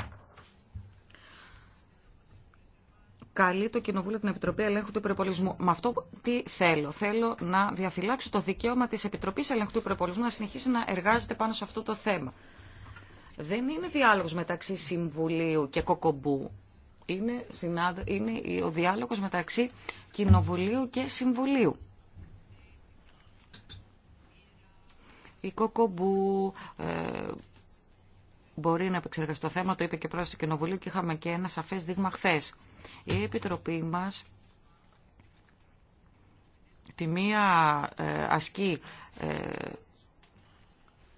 Καλεί το Κοινοβούλιο την Επιτροπή Ελέγχου του Υπερπολισμού. Με αυτό τι θέλω. Θέλω να διαφυλάξω το δικαίωμα της Επιτροπής Ελέγχου του Υπερπολισμού να συνεχίσει να εργάζεται πάνω σε αυτό το θέμα. Δεν είναι διάλογος μεταξύ Συμβουλίου και Κοκομπού είναι, είναι ο διάλογος μεταξύ Κοινοβουλίου και Συμβουλίου. Η Κοκομπού ε, μπορεί να επεξεργαστεί το θέμα, το είπε και πρόσφατα του Κοινοβουλίου και είχαμε και ένα σαφές δείγμα χθε. Η Επιτροπή μας τη μία ε, ασκεί ε,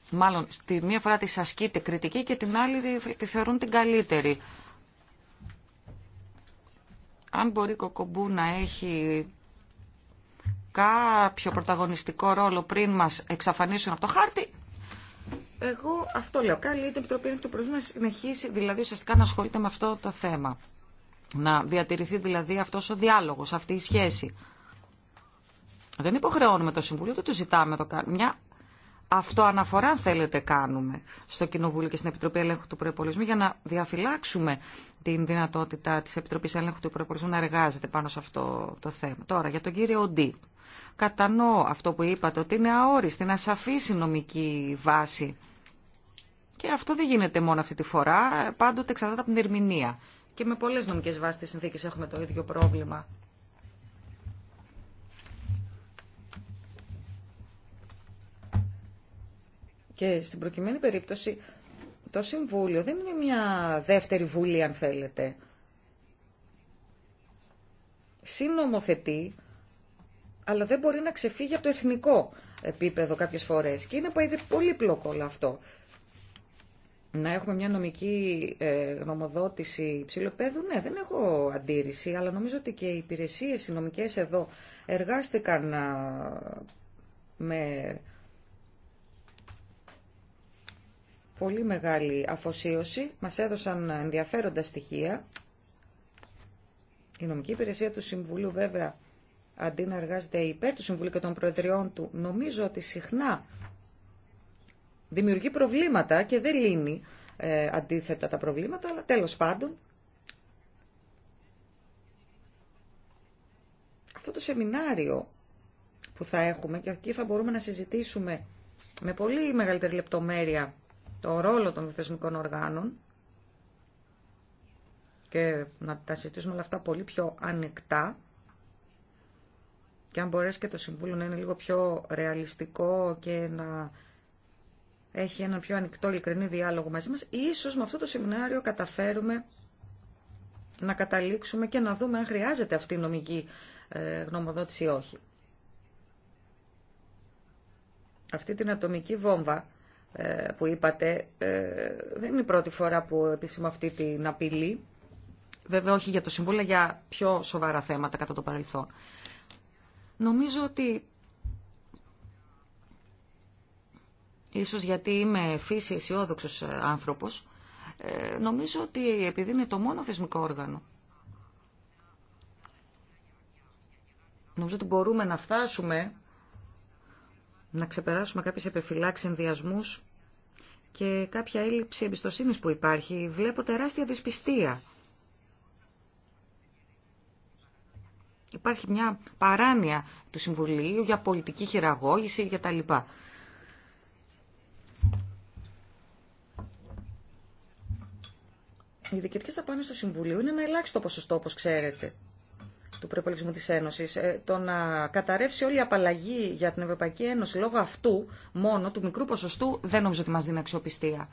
μάλλον στη μία φορά τη ασκείται κριτική και την άλλη τη θεωρούν την καλύτερη αν μπορεί η Κοκομπού να έχει κάποιο πρωταγωνιστικό ρόλο πριν μας εξαφανίσουν από το χάρτη, εγώ αυτό λέω. Καλή η Επιτροπή είναι το να συνεχίσει, δηλαδή ουσιαστικά να ασχολείται με αυτό το θέμα. Να διατηρηθεί δηλαδή αυτός ο διάλογο, αυτή η σχέση. Δεν υποχρεώνουμε το Συμβούλιο, δεν το ζητάμε το κάνουμε αυτό αναφορά, αν θέλετε, κάνουμε στο Κοινοβούλιο και στην Επιτροπή Ελέγχου του Προεπολισμού για να διαφυλάξουμε την δυνατότητα τη Επιτροπή Ελέγχου του Προεπολισμού να εργάζεται πάνω σε αυτό το θέμα. Τώρα, για τον κύριο Ντί. Κατανοώ αυτό που είπατε, ότι είναι αόριστη, είναι ασαφή η νομική βάση. Και αυτό δεν γίνεται μόνο αυτή τη φορά, πάντοτε εξαρτάται από την ερμηνεία. Και με πολλέ νομικέ βάσει τη συνθήκη έχουμε το ίδιο πρόβλημα. Και στην προκειμένη περίπτωση το Συμβούλιο δεν είναι μια δεύτερη βουλή αν θέλετε. Συνομοθετεί, αλλά δεν μπορεί να ξεφύγει από το εθνικό επίπεδο κάποιες φορές. Και είναι πολύ πλοκό όλο αυτό. Να έχουμε μια νομική ε, γνωμοδότηση ψηλοπαίδου, ναι, δεν έχω αντίρρηση, αλλά νομίζω ότι και οι υπηρεσίες οι νομικές εδώ εργάστηκαν με πολύ μεγάλη αφοσίωση, μας έδωσαν ενδιαφέροντα στοιχεία. Η νομική υπηρεσία του Συμβουλίου βέβαια αντί να εργάζεται υπέρ του Συμβουλίου και των Προεδριών του, νομίζω ότι συχνά δημιουργεί προβλήματα και δεν λύνει ε, αντίθετα τα προβλήματα, αλλά τέλος πάντων. Αυτό το σεμινάριο που θα έχουμε και εκεί θα μπορούμε να συζητήσουμε με πολύ μεγαλύτερη λεπτομέρεια το ρόλο των θεσμικών οργάνων και να τα συζητήσουμε όλα αυτά πολύ πιο ανοιχτά και αν μπορέσει και το Συμβούλιο να είναι λίγο πιο ρεαλιστικό και να έχει έναν πιο ανοιχτό ειλικρινή διάλογο μαζί μας, ίσως με αυτό το σεμινάριο καταφέρουμε να καταλήξουμε και να δούμε αν χρειάζεται αυτή η νομική ε, γνωμοδότηση ή όχι. Αυτή την ατομική βόμβα ε, που είπατε, ε, δεν είναι η πρώτη φορά που επίσημα αυτή την απειλή. Βέβαια όχι για το Συμβούλιο, για πιο σοβαρά θέματα κατά το παρελθόν. Νομίζω ότι ίσως γιατί είμαι φύση αισιόδοξο ε, άνθρωπος, νομίζω ότι επειδή είναι το μόνο θεσμικό όργανο, νομίζω ότι μπορούμε να φτάσουμε να ξεπεράσουμε κάποιες επεφυλάξεις ενδιασμού και κάποια έλλειψη εμπιστοσύνης που υπάρχει. Βλέπω τεράστια δυσπιστία. Υπάρχει μια παράνοια του Συμβουλίου για πολιτική χειραγώγηση λοιπά. Οι διοικητικές θα πάνε στο Συμβουλίο είναι ένα ελάχιστο ποσοστό όπως ξέρετε του προπολογισμού της Ένωσης. Ε, το να καταρρεύσει όλη η απαλλαγή για την Ευρωπαϊκή Ένωση λόγω αυτού μόνο του μικρού ποσοστού δεν νομίζω ότι μας δίνει αξιοπιστία.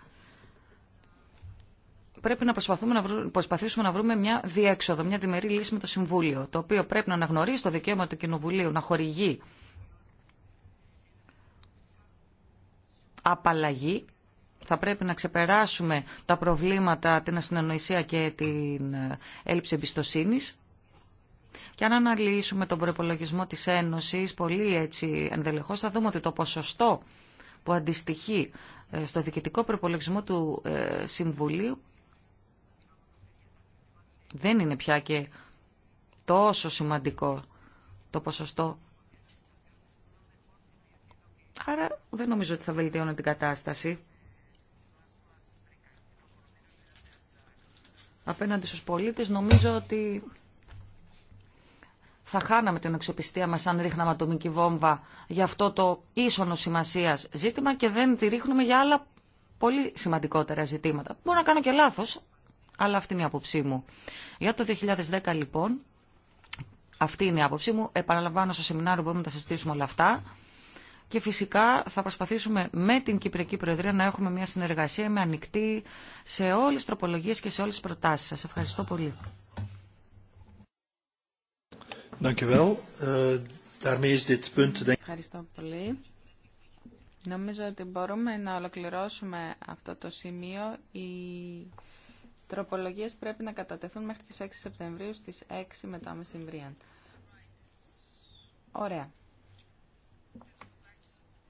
Πρέπει να προσπαθούμε να προσπαθήσουμε να βρούμε μια διέξοδο, μια διμερή λύση με το Συμβούλιο, το οποίο πρέπει να αναγνωρίσει το δικαίωμα του Κοινοβουλίου να χορηγεί απαλλαγή θα πρέπει να ξεπεράσουμε τα προβλήματα, την ασυνανοησία και την ε, έλλειψη εμπιστοσύνης. Και αν αναλύσουμε τον προπολογισμό της Ένωσης, πολύ έτσι θα δούμε ότι το ποσοστό που αντιστοιχεί ε, στο διοικητικό προπολογισμό του ε, Συμβουλίου δεν είναι πια και τόσο σημαντικό το ποσοστό. Άρα δεν νομίζω ότι θα βελτιώνει την κατάσταση. Απέναντι στους πολίτες νομίζω ότι θα χάναμε την αξιοπιστία μας αν ρίχναμε ατομική βόμβα για αυτό το ίσονο σημασίας ζήτημα και δεν τη ρίχνουμε για άλλα πολύ σημαντικότερα ζητήματα. Μπορώ να κάνω και λάθος, αλλά αυτή είναι η άποψή μου. Για το 2010 λοιπόν, αυτή είναι η άποψή μου. Επαναλαμβάνω στο σεμινάριο μπορούμε να τα συζητήσουμε όλα αυτά. Και φυσικά θα προσπαθήσουμε με την Κυπριακή Προεδρία να έχουμε μια συνεργασία με ανοιχτή σε όλες τις τροπολογίες και σε όλες τις προτάσεις σας. Ευχαριστώ πολύ. Eh, Ευχαριστώ πολύ. Νομίζω ότι μπορούμε να ολοκληρώσουμε αυτό το σημείο. Οι τροπολογίες πρέπει να κατατεθούν μέχρι τις 6 Σεπτεμβρίου στις 6 μετά μεσημβρίαν. Ωραία.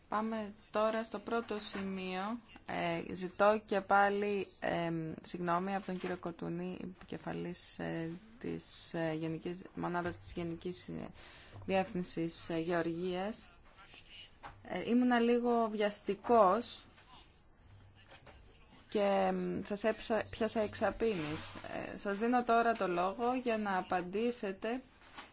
Πάμε τώρα στο πρώτο σημείο ε, ζητώ και πάλι ε, συγγνώμη από τον κύριο Κοτούνη, επικεφαλής ε, της ε, γενικής, μονάδας της Γενικής Διεύθυνσης ε, Γεωργίας. ήμουνα λίγο βιαστικός και σας πιάσα εξαπίνης. σας δίνω τώρα το λόγο για να απαντήσετε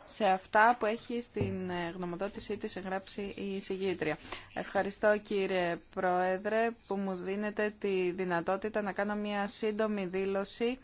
σε αυτά που έχει στην ε, γνωμοδότησή της εγγράψει η εισηγήτρια. Ευχαριστώ κύριε Πρόεδρε που μου δίνετε τη δυνατότητα να κάνω μια σύντομη δήλωση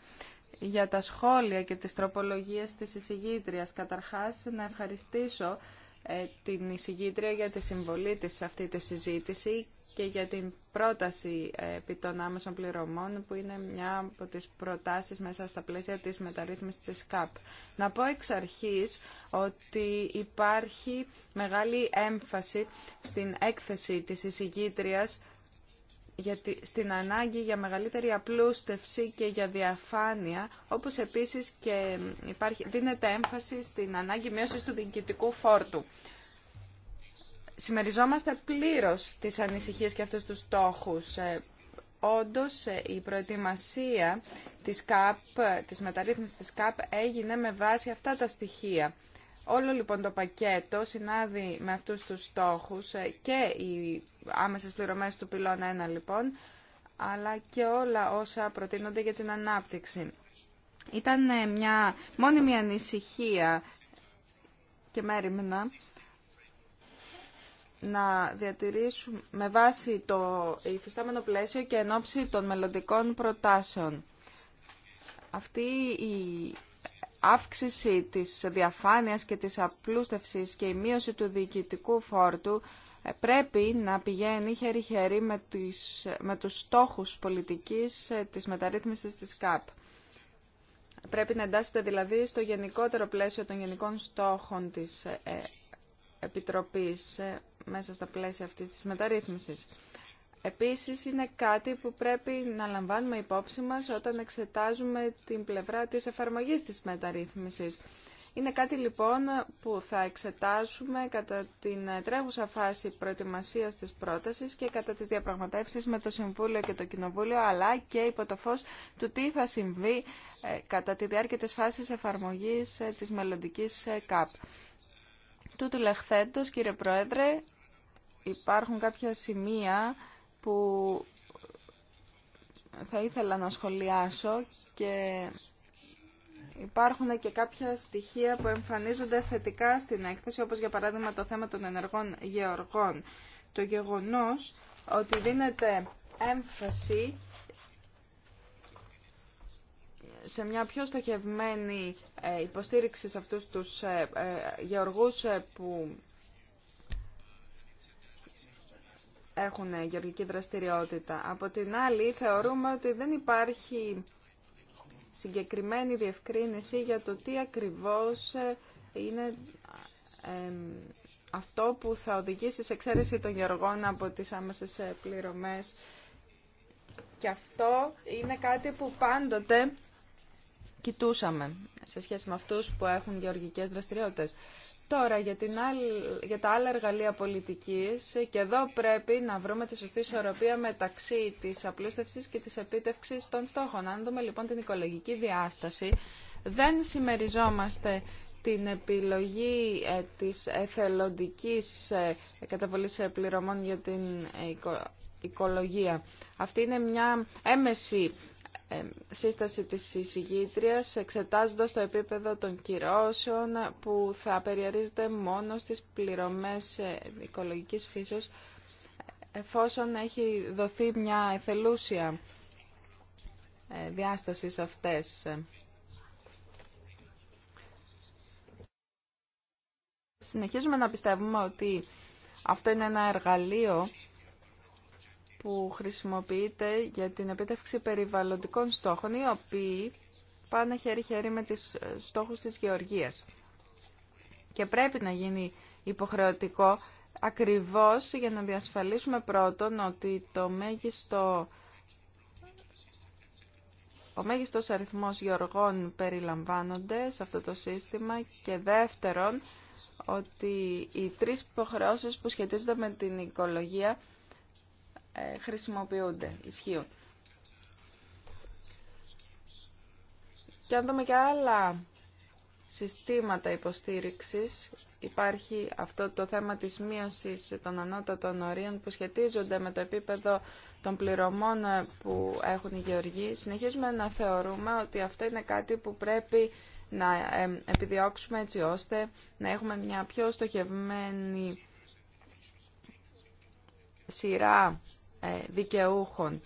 για τα σχόλια και τις τροπολογίες της εισηγήτριας. Καταρχάς, να ευχαριστήσω ε, την εισηγήτρια για τη συμβολή της σε αυτή τη συζήτηση και για την πρόταση ε, επί των άμεσων πληρωμών που είναι μια από τις προτάσεις μέσα στα πλαίσια της μεταρρύθμισης της ΚΑΠ. Να πω εξ αρχής ότι υπάρχει μεγάλη έμφαση στην έκθεση της εισηγήτριας γιατί στην ανάγκη για μεγαλύτερη απλούστευση και για διαφάνεια, όπως επίσης και υπάρχει, δίνεται έμφαση στην ανάγκη μείωσης του διοικητικού φόρτου. Συμμεριζόμαστε πλήρως τις ανησυχίες και αυτούς τους στόχους. Ε, όντως, ε, η προετοιμασία της ΚΑΠ, της μεταρρύθμισης της ΚΑΠ έγινε με βάση αυτά τα στοιχεία. Όλο λοιπόν το πακέτο συνάδει με αυτούς τους στόχους ε, και η άμεσες πληρωμές του πυλώνα 1 λοιπόν, αλλά και όλα όσα προτείνονται για την ανάπτυξη. Ήταν ε, μια μόνιμη ανησυχία και μέρημνα να διατηρήσουμε με βάση το υφιστάμενο πλαίσιο και εν ώψη των μελλοντικών προτάσεων. Αυτή η αύξηση της διαφάνειας και της απλούστευσης και η μείωση του διοικητικού φόρτου ε, πρέπει να πηγαίνει χέρι-χέρι με, τις, με τους στόχους πολιτικής ε, της μεταρρύθμισης της ΚΑΠ. Πρέπει να εντάσσεται δηλαδή στο γενικότερο πλαίσιο των γενικών στόχων της ε, Επιτροπής μέσα στα πλαίσια αυτής της μεταρρύθμισης. Επίσης είναι κάτι που πρέπει να λαμβάνουμε υπόψη μας όταν εξετάζουμε την πλευρά της εφαρμογής της μεταρρύθμισης. Είναι κάτι λοιπόν που θα εξετάσουμε κατά την τρέχουσα φάση προετοιμασίας της πρότασης και κατά τις διαπραγματεύσεις με το Συμβούλιο και το Κοινοβούλιο, αλλά και υπό το φως του τι θα συμβεί ε, κατά τη διάρκεια της φάσης εφαρμογής ε, της μελλοντικής ε, ΚΑΠ. Τούτου λεχθέντος, κύριε Πρόεδρε, υπάρχουν κάποια σημεία που θα ήθελα να σχολιάσω και υπάρχουν και κάποια στοιχεία που εμφανίζονται θετικά στην έκθεση, όπως για παράδειγμα το θέμα των ενεργών γεωργών. Το γεγονός ότι δίνεται έμφαση σε μια πιο στοχευμένη ε, υποστήριξη σε αυτούς τους ε, ε, γεωργούς που έχουν γεωργική δραστηριότητα. Από την άλλη, θεωρούμε ότι δεν υπάρχει συγκεκριμένη διευκρίνηση για το τι ακριβώς ε, είναι αυτό που θα οδηγήσει σε εξαίρεση των γεωργών από τις άμεσες ε, πληρωμές. Και αυτό είναι κάτι που πάντοτε κοιτούσαμε σε σχέση με αυτούς που έχουν γεωργικές δραστηριότητες. Τώρα για, τα άλλα εργαλεία πολιτικής και εδώ πρέπει να βρούμε τη σωστή ισορροπία μεταξύ της απλούστευσης και της επίτευξης των στόχων. Αν δούμε λοιπόν την οικολογική διάσταση, δεν συμμεριζόμαστε την επιλογή ε, της εθελοντικής ε, καταβολής ε, πληρωμών για την οικολογία. Αυτή είναι μια έμεση σύσταση της εισηγήτριας εξετάζοντας το επίπεδο των κυρώσεων που θα περιορίζεται μόνο στις πληρωμές ε, οικολογικής φύσεως εφόσον έχει δοθεί μια εθελούσια ε, διάσταση σε αυτές. Συνεχίζουμε να πιστεύουμε ότι αυτό είναι ένα εργαλείο που χρησιμοποιείται για την επίτευξη περιβαλλοντικών στόχων, οι οποίοι πάνε χέρι-χέρι με τις ε, στόχους της γεωργίας. Και πρέπει να γίνει υποχρεωτικό ακριβώς για να διασφαλίσουμε πρώτον ότι το μέγιστο, ο μέγιστος αριθμός γεωργών περιλαμβάνονται σε αυτό το σύστημα και δεύτερον ότι οι τρεις υποχρεώσεις που σχετίζονται με την οικολογία ε, χρησιμοποιούνται, ισχύουν. Και αν δούμε και άλλα συστήματα υποστήριξης, υπάρχει αυτό το θέμα της μείωσης των ανώτατων ορίων που σχετίζονται με το επίπεδο των πληρωμών ε, που έχουν οι γεωργοί. Συνεχίζουμε να θεωρούμε ότι αυτό είναι κάτι που πρέπει να ε, επιδιώξουμε έτσι ώστε να έχουμε μια πιο στοχευμένη σειρά ε, δικαιούχων.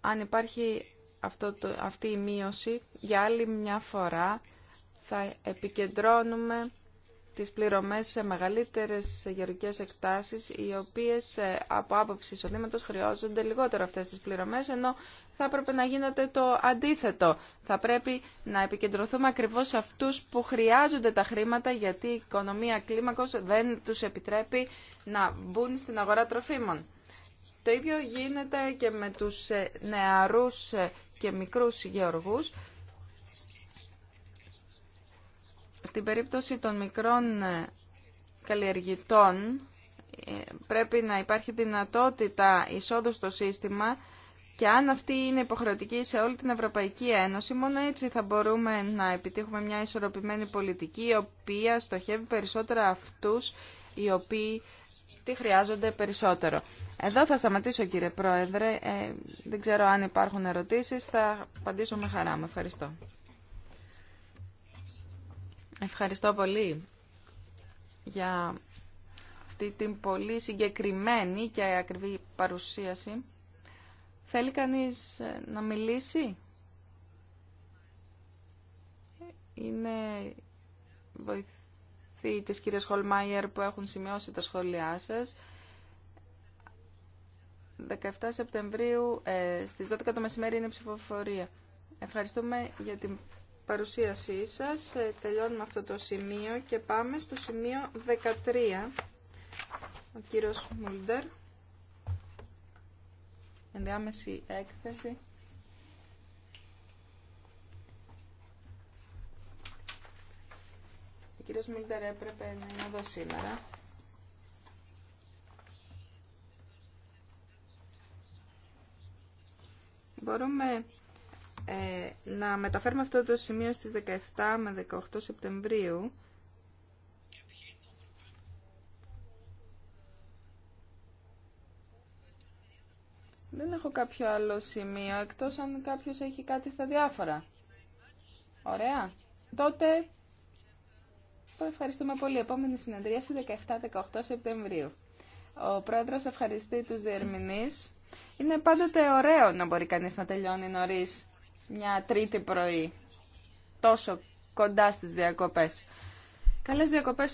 Αν υπάρχει αυτό το, αυτή η μείωση, για άλλη μια φορά θα επικεντρώνουμε τις πληρωμές σε μεγαλύτερες γεωργικές εκτάσεις, οι οποίες ε, από άποψη εισοδήματος χρειάζονται λιγότερο αυτές τις πληρωμές, ενώ θα έπρεπε να γίνεται το αντίθετο. Θα πρέπει να επικεντρωθούμε ακριβώς σε αυτούς που χρειάζονται τα χρήματα, γιατί η οικονομία κλίμακος δεν τους επιτρέπει να μπουν στην αγορά τροφίμων. Το ίδιο γίνεται και με τους ε, νεαρούς ε, και μικρούς γεωργούς, Στην περίπτωση των μικρών ε, καλλιεργητών ε, πρέπει να υπάρχει δυνατότητα εισόδου στο σύστημα και αν αυτή είναι υποχρεωτική σε όλη την Ευρωπαϊκή Ένωση, μόνο έτσι θα μπορούμε να επιτύχουμε μια ισορροπημένη πολιτική, η οποία στοχεύει περισσότερο αυτούς οι οποίοι τι χρειάζονται περισσότερο. Εδώ θα σταματήσω κύριε Πρόεδρε. Ε, δεν ξέρω αν υπάρχουν ερωτήσεις. Θα απαντήσω με χαρά. μου. ευχαριστώ. Ευχαριστώ πολύ για αυτή την πολύ συγκεκριμένη και ακριβή παρουσίαση. Θέλει κανείς ε, να μιλήσει? Είναι βοηθή της κυρίας Χολμάιερ που έχουν σημειώσει τα σχόλιά σας. 17 Σεπτεμβρίου ε, στις 12 το μεσημέρι είναι η ψηφοφορία. Ευχαριστούμε για την παρουσίασή σας. Ε, τελειώνουμε αυτό το σημείο και πάμε στο σημείο 13. Ο κύριος Μούλντερ. Ενδιάμεση έκθεση. Ο κύριος Μούλντερ έπρεπε να είναι εδώ σήμερα. Μπορούμε ε, να μεταφέρουμε αυτό το σημείο στις 17 με 18 Σεπτεμβρίου Δεν έχω κάποιο άλλο σημείο, εκτός αν κάποιος έχει κάτι στα διάφορα. Ωραία. Τότε, το ευχαριστούμε πολύ. Επόμενη συνεδρία στις 17-18 Σεπτεμβρίου. Ο πρόεδρος ευχαριστεί τους διερμηνείς. Είναι πάντοτε ωραίο να μπορεί κανείς να τελειώνει νωρίς μια τρίτη πρωί, τόσο κοντά στις διακοπές. Καλές διακοπές